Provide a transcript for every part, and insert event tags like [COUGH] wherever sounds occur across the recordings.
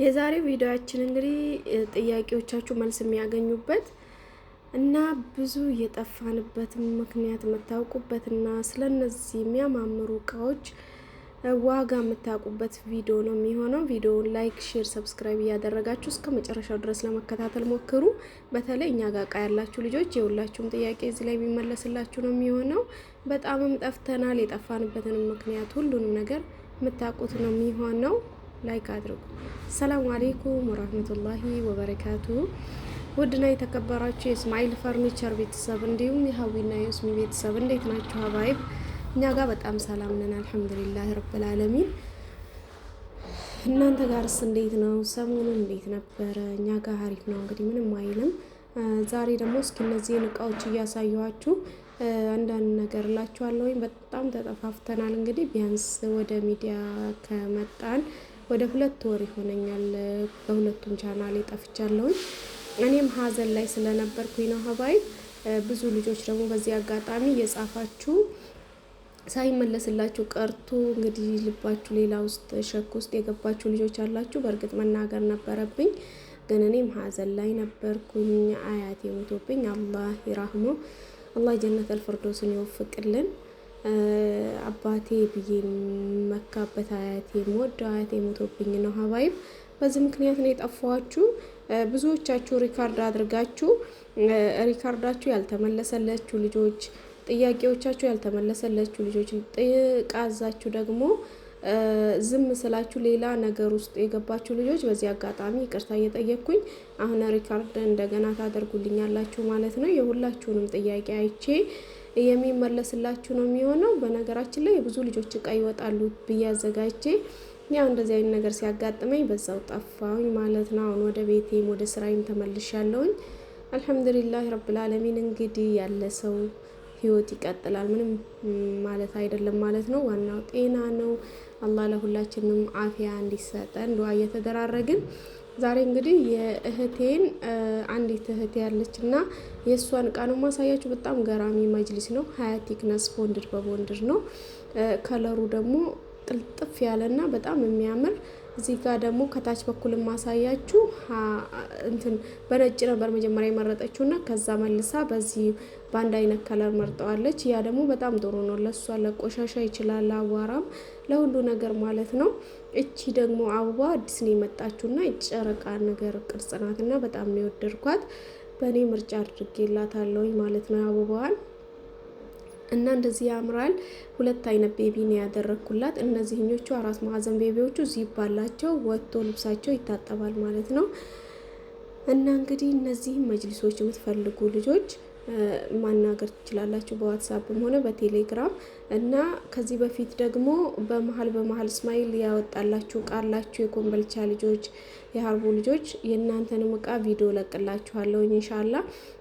የዛሬው ቪዲዮያችን እንግዲህ ጥያቄዎቻችሁ መልስ የሚያገኙበት እና ብዙ የጠፋንበት ምክንያት የምታውቁበትና ስለነዚህ የሚያማምሩ እቃዎች ዋጋ የምታውቁበት ቪዲዮ ነው የሚሆነው። ቪዲዮውን ላይክ፣ ሼር፣ ሰብስክራይብ እያደረጋችሁ እስከ መጨረሻው ድረስ ለመከታተል ሞክሩ። በተለይ እኛ ጋር እቃ ያላችሁ ልጆች የሁላችሁም ጥያቄ እዚህ ላይ የሚመለስላችሁ ነው የሚሆነው። በጣምም ጠፍተናል። የጠፋንበትን ምክንያት ሁሉንም ነገር የምታውቁት ነው የሚሆነው። ላይክ አድርጉ። ሰላም አሌይኩም ወራህመቱላሂ ወበረካቱ። ውድና የተከበራችሁ የእስማኤል ፈርኒቸር ቤተሰብ እንዲሁም የሀዊና የኡስሚ ቤተሰብ እንዴት ናችሁ? ሀባይብ እኛ ጋር በጣም ሰላም ነን አልሐምዱሊላህ ረብል እናንተ ጋርስ እንዴት ነው? ሰሞኑን እንዴት ነበረ? እኛ ጋር አሪፍ ነው እንግዲህ ምንም አይልም። ዛሬ ደግሞ እስኪ እነዚህን እቃዎች እያሳየኋችሁ አንዳንድ ነገር እላችኋለሁ። በጣም ተጠፋፍተናል። እንግዲህ ቢያንስ ወደ ሚዲያ ከመጣን ወደ ሁለት ወር ይሆነኛል በሁለቱም ቻናል ጠፍቻለሁኝ። እኔም ሀዘን ላይ ስለነበርኩኝ ነው ሀባይ። ብዙ ልጆች ደግሞ በዚህ አጋጣሚ የጻፋችሁ ሳይመለስላችሁ ቀርቶ እንግዲህ ልባችሁ ሌላ ውስጥ ሸክ ውስጥ የገባችሁ ልጆች አላችሁ። በእርግጥ መናገር ነበረብኝ ግን እኔም ሀዘን ላይ ነበርኩኝ። አያቴ ሞቶብኝ፣ አላህ ይራህሞ፣ አላህ ጀነት አልፈርዶስን ይወፍቅልን። አባቴ ብዬ መካበት አያቴ የምወደው አያቴ የሞቶብኝ ነው። ሀባይም በዚህ ምክንያት ነው የጠፋኋችሁ። ብዙዎቻችሁ ሪካርድ አድርጋችሁ ሪካርዳችሁ ያልተመለሰለችሁ ልጆች፣ ጥያቄዎቻችሁ ያልተመለሰለችሁ ልጆች፣ ጥቃዛችሁ ደግሞ ዝም ስላችሁ ሌላ ነገር ውስጥ የገባችሁ ልጆች በዚህ አጋጣሚ ይቅርታ እየጠየቅኩኝ አሁን ሪካርድ እንደገና ታደርጉልኛላችሁ ማለት ነው። የሁላችሁንም ጥያቄ አይቼ የሚመለስላችሁ ነው የሚሆነው። በነገራችን ላይ ብዙ ልጆች እቃ ይወጣሉ ብዬ አዘጋጅቼ ያው እንደዚህ አይነት ነገር ሲያጋጥመኝ በዛው ጠፋሁኝ ማለት ነው። አሁን ወደ ቤቴም ወደ ስራዬም ተመልሻለሁኝ። አልሐምዱሊላህ ረብል አለሚን። እንግዲህ ያለ ሰው ህይወት ይቀጥላል። ምንም ማለት አይደለም ማለት ነው። ዋናው ጤና ነው። አላህ ለሁላችንም አፊያ እንዲሰጠን ዱዓ እየተደራረግን ዛሬ እንግዲህ የእህቴን አንዲት እህቴ ያለች እና የእሷን እቃ ነው ማሳያችሁ። በጣም ገራሚ መጅሊስ ነው። ሀያ ቲክነስ ቦንድድ በቦንድድ ነው። ከለሩ ደግሞ ጥልጥፍ ያለና በጣም የሚያምር እዚህ ጋር ደግሞ ከታች በኩል ማሳያችሁ እንትን በነጭ ነበር መጀመሪያ የመረጠችው እና ከዛ መልሳ በዚህ በአንድ አይነት ከለር መርጠዋለች። ያ ደግሞ በጣም ጥሩ ነው ለእሷ ለቆሻሻ ይችላል፣ ለአቧራም፣ ለሁሉ ነገር ማለት ነው። እቺ ደግሞ አበባ አዲስ ነው የመጣችሁና የጨረቃ ነገር ቅርጽ ናትና በጣም ነው የወደድኳት። በእኔ ምርጫ አድርጌላታለሁኝ ማለት ነው አበባዋን እና እንደዚህ ያምራል። ሁለት አይነት ቤቢ ነው ያደረግኩላት። እነዚህኞቹ አራት ማዕዘን ቤቢዎቹ ዚፕ አላቸው፣ ወጥቶ ልብሳቸው ይታጠባል ማለት ነው። እና እንግዲህ እነዚህ መጅሊሶች የምትፈልጉ ልጆች ማናገር ትችላላችሁ በዋትሳፕም ሆነ በቴሌግራም እና ከዚህ በፊት ደግሞ በመሀል በመሀል እስማኤል ያወጣላችሁ ቃላችሁ የኮምበልቻ ልጆች የሀርቦ ልጆች የእናንተንም እቃ ቪዲዮ ለቅላችኋለሁ እንሻላ።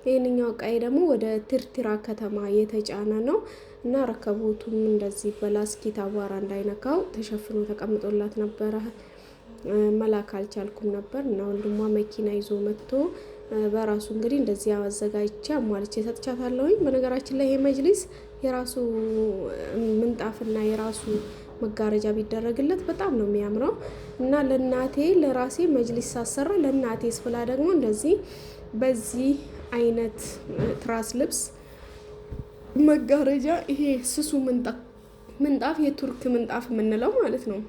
ይህንኛው እቃዬ ደግሞ ወደ ትርትራ ከተማ የተጫነ ነው እና ረከቦቱም እንደዚህ በላስኪት አቧራ እንዳይነካው ተሸፍኖ ተቀምጦላት ነበረ። መላክ አልቻልኩም ነበር እና ወንድሟ መኪና ይዞ መጥቶ በራሱ እንግዲህ እንደዚህ አዘጋጅቼ አሟልቼ ሰጥቻታለሁኝ። በነገራችን ላይ ይሄ መጅሊስ የራሱ ምንጣፍና የራሱ መጋረጃ ቢደረግለት በጣም ነው የሚያምረው እና ለእናቴ ለራሴ መጅሊስ ሳሰራ ለእናቴ ስፍላ ደግሞ እንደዚህ በዚህ አይነት ትራስ ልብስ መጋረጃ ይሄ ስሱ ምንጣፍ የቱርክ ምንጣፍ የምንለው ማለት ነው።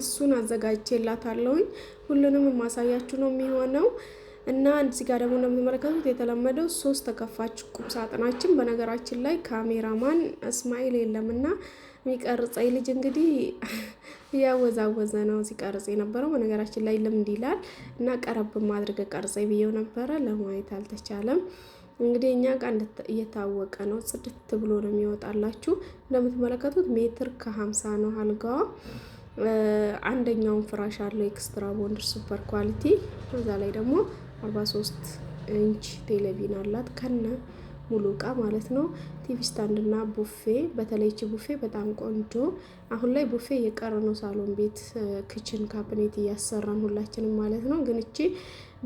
እሱን አዘጋጅቼላታለሁኝ። ሁሉንም የማሳያችሁ ነው የሚሆነው። እና እዚህ ጋር ደግሞ እንደምትመለከቱት የተለመደው ሶስት ተከፋች ቁም ሳጥናችን። በነገራችን ላይ ካሜራማን እስማኤል የለም እና የሚቀርጸኝ ልጅ እንግዲህ [LAUGHS] እያወዛወዘ ነው ሲቀርጽ የነበረው። በነገራችን ላይ ልምድ ይላል እና ቀረብም ማድረግ ቀርጸኝ ብዬው ነበረ፣ ለማየት አልተቻለም። እንግዲህ እኛ ጋር እየታወቀ ነው፣ ጽድት ብሎ ነው የሚወጣላችሁ። እንደምትመለከቱት ሜትር ከሀምሳ ነው አልጋዋ። አንደኛውን ፍራሽ አለው ኤክስትራ ቦንድር ሱፐር ኳሊቲ። እዛ ላይ ደግሞ 43 ኢንች ቴሌቪዥን አላት ከነ ሙሉ እቃ ማለት ነው። ቲቪ ስታንድ እና ቡፌ፣ በተለይች ቡፌ በጣም ቆንጆ። አሁን ላይ ቡፌ የቀረ ነው፣ ሳሎን ቤት ክችን ካቢኔት እያሰራን ሁላችንም ማለት ነው። ግን እቺ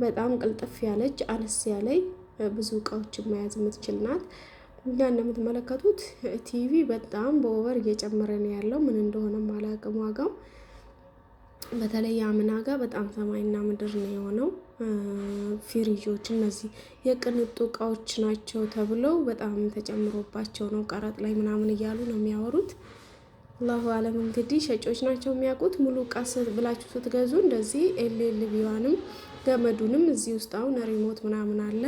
በጣም ቅልጥፍ ያለች አነስ ያለች ብዙ እቃዎችን መያዝ የምትችል ናት። እኛ እንደምትመለከቱት ቲቪ በጣም በኦቨር እየጨመረ ነው ያለው፣ ምን እንደሆነ አላውቅም ዋጋው። በተለይ አምና ጋር በጣም ሰማይና ምድር ነው የሆነው። ፊሪጆች እነዚህ የቅንጡ እቃዎች ናቸው ተብለው በጣም ተጨምሮባቸው ነው ቀረጥ ላይ ምናምን እያሉ ነው የሚያወሩት። አላሁ አለም እንግዲህ ሸጮች ናቸው የሚያውቁት። ሙሉ እቃ ብላችሁ ስትገዙ እንደዚህ ኤልኤል ቢዋንም ገመዱንም እዚህ ውስጥ አሁን ሪሞት ምናምን አለ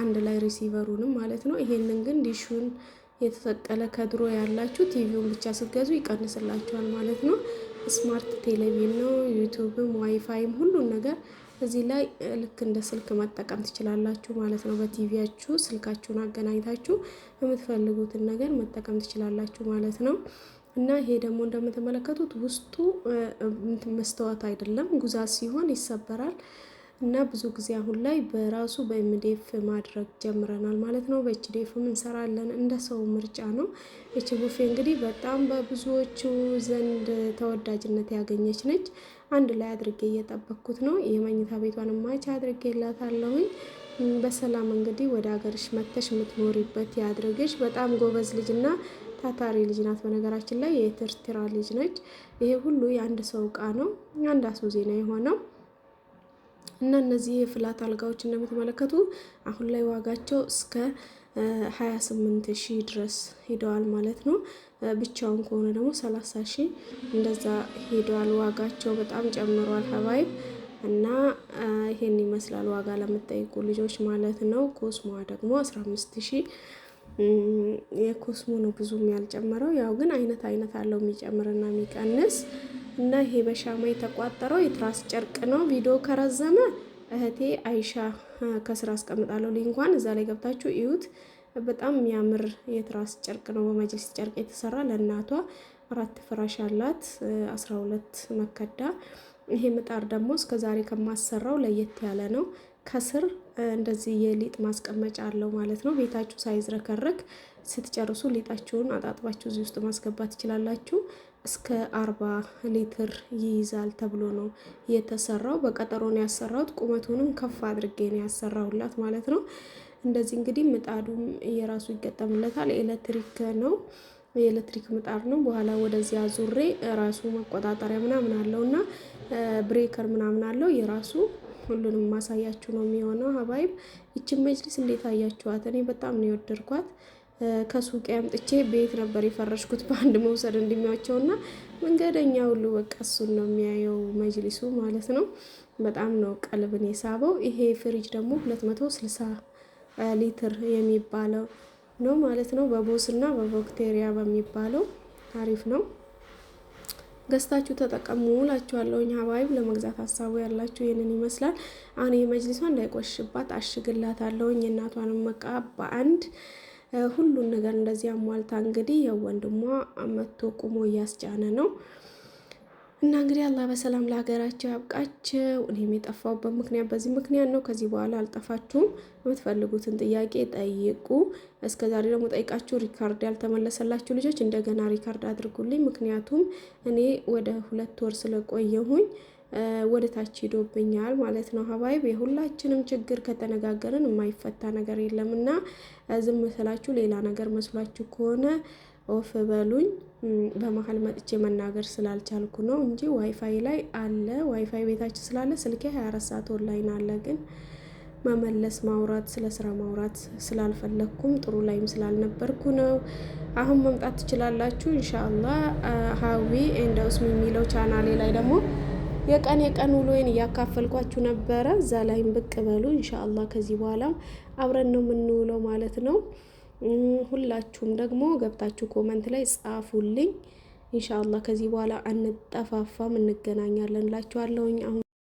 አንድ ላይ ሪሲቨሩንም ማለት ነው። ይሄንን ግን ዲሹን የተሰቀለ ከድሮ ያላችሁ ቲቪውን ብቻ ስትገዙ ይቀንስላችኋል ማለት ነው። ስማርት ቴሌቪዥን ነው። ዩቱብም ዋይፋይም ሁሉን ነገር እዚህ ላይ ልክ እንደ ስልክ መጠቀም ትችላላችሁ ማለት ነው። በቲቪያችሁ ስልካችሁን አገናኝታችሁ የምትፈልጉትን ነገር መጠቀም ትችላላችሁ ማለት ነው። እና ይሄ ደግሞ እንደምትመለከቱት ውስጡ መስተዋት አይደለም፣ ጉዛት ሲሆን ይሰበራል። እና ብዙ ጊዜ አሁን ላይ በራሱ በኤምዴፍ ማድረግ ጀምረናል ማለት ነው። በኤችዴፍም እንሰራለን። እንደ ሰው ምርጫ ነው። ኤች ቡፌ እንግዲህ በጣም በብዙዎቹ ዘንድ ተወዳጅነት ያገኘች ነች። አንድ ላይ አድርጌ እየጠበኩት ነው። የመኝታ ቤቷን ማች አድርጌላታለሁኝ። በሰላም እንግዲህ ወደ ሀገርሽ መተሽ የምትኖሪበት ያድርግሽ። በጣም ጎበዝ ልጅ ልጅና ታታሪ ልጅ ናት። በነገራችን ላይ የኤርትራ ልጅ ነች። ይሄ ሁሉ የአንድ ሰው እቃ ነው። አንድ አሶ ዜና የሆነው እና እነዚህ የፍላት አልጋዎች እንደምትመለከቱ አሁን ላይ ዋጋቸው እስከ 28 ሺህ ድረስ ሄደዋል ማለት ነው። ብቻውን ከሆነ ደግሞ 30 ሺህ እንደዛ ሄደዋል። ዋጋቸው በጣም ጨምሯል ሀባይብ እና ይሄን ይመስላል ዋጋ ለምትጠይቁ ልጆች ማለት ነው። ኮስሞዋ ደግሞ 15 ሺህ የኮስሞ ነው ብዙም ያልጨመረው። ያው ግን አይነት አይነት አለው የሚጨምርና የሚቀንስ እና ይሄ በሻማ የተቋጠረው የትራስ ጨርቅ ነው። ቪዲዮ ከረዘመ እህቴ አይሻ ከስራ አስቀምጣለሁ ሊንኳን እዛ ላይ ገብታችሁ እዩት። በጣም የሚያምር የትራስ ጨርቅ ነው፣ በመጅልስ ጨርቅ የተሰራ ለእናቷ አራት ፍራሽ አላት፣ አስራ ሁለት መከዳ። ይሄ ምጣድ ደግሞ እስከዛሬ ከማሰራው ለየት ያለ ነው። ከስር እንደዚህ የሊጥ ማስቀመጫ አለው ማለት ነው። ቤታችሁ ሳይዝረከረክ ስትጨርሱ ሊጣችሁን አጣጥባችሁ እዚህ ውስጥ ማስገባት ትችላላችሁ። እስከ አርባ ሊትር ይይዛል ተብሎ ነው የተሰራው። በቀጠሮ ነው ያሰራሁት። ቁመቱንም ከፍ አድርጌ ነው ያሰራሁላት ማለት ነው። እንደዚህ እንግዲህ ምጣዱም የራሱ ይገጠምለታል። ኤሌክትሪክ ነው የኤሌክትሪክ ምጣድ ነው። በኋላ ወደዚያ ዙሬ ራሱ መቆጣጠሪያ ምናምን አለው እና ብሬከር ምናምን አለው የራሱ ሁሉንም ማሳያችሁ ነው የሚሆነው። ሀባይብ ይችን መጅልስ እንዴት አያችኋት? እኔ በጣም ነው የወደድኳት። ከሱቅ ያምጥቼ ቤት ነበር የፈረሽኩት በአንድ መውሰድ እንዲሚያቸው እና መንገደኛ ሁሉ በቃ እሱን ነው የሚያየው መጅሊሱ ማለት ነው። በጣም ነው ቀልብን የሳበው። ይሄ ፍሪጅ ደግሞ ሁለት መቶ ስልሳ ሊትር የሚባለው ነው ማለት ነው። በቦስ እና በቦክቴሪያ በሚባለው አሪፍ ነው። ገዝታችሁ ተጠቀሙ እላችኋለሁኝ። ሀባይብ ለመግዛት ሀሳቡ ያላችሁ ይህንን ይመስላል። አሁን የመጅሊሷ እንዳይቆሽባት አሽግላታለሁኝ። የእናቷንም እቃ በአንድ ሁሉን ነገር እንደዚህ አሟልታ እንግዲህ የወንድሟ መቶ ቁሞ እያስጫነ ነው እና እንግዲህ አላህ በሰላም ለሀገራቸው ያብቃቸው። እኔም የጠፋሁበት ምክንያት በዚህ ምክንያት ነው። ከዚህ በኋላ አልጠፋችሁም። የምትፈልጉትን ጥያቄ ጠይቁ። እስከዛሬ ደግሞ ጠይቃችሁ ሪካርድ ያልተመለሰላችሁ ልጆች እንደገና ሪካርድ አድርጉልኝ። ምክንያቱም እኔ ወደ ሁለት ወር ስለቆየሁኝ ወደ ታች ሂዶብኛል ማለት ነው። ሀባይብ የሁላችንም ችግር ከተነጋገርን የማይፈታ ነገር የለምና ዝም ስላችሁ ሌላ ነገር መስሏችሁ ከሆነ ኦፍ በሉኝ በመሀል መጥቼ መናገር ስላልቻልኩ ነው እንጂ ዋይፋይ ላይ አለ። ዋይፋይ ቤታችን ስላለ ስልኬ 24 ሰዓት ኦንላይን አለ። ግን መመለስ ማውራት ስለ ስራ ማውራት ስላልፈለግኩም ጥሩ ላይም ስላልነበርኩ ነው። አሁን መምጣት ትችላላችሁ እንሻአላ። ሀዊ ኤንድ ኡስሚ የሚለው ቻናሌ ላይ ደግሞ የቀን የቀን ውሎዬን እያካፈልኳችሁ ነበረ። እዛ ላይም ብቅ በሉ እንሻአላ። ከዚህ በኋላ አብረን ነው የምንውለው ማለት ነው። ሁላችሁም ደግሞ ገብታችሁ ኮመንት ላይ ጻፉልኝ። ኢንሻአላህ ከዚህ በኋላ አንጠፋፋም፣ እንገናኛለን ላችኋለሁኝ አሁን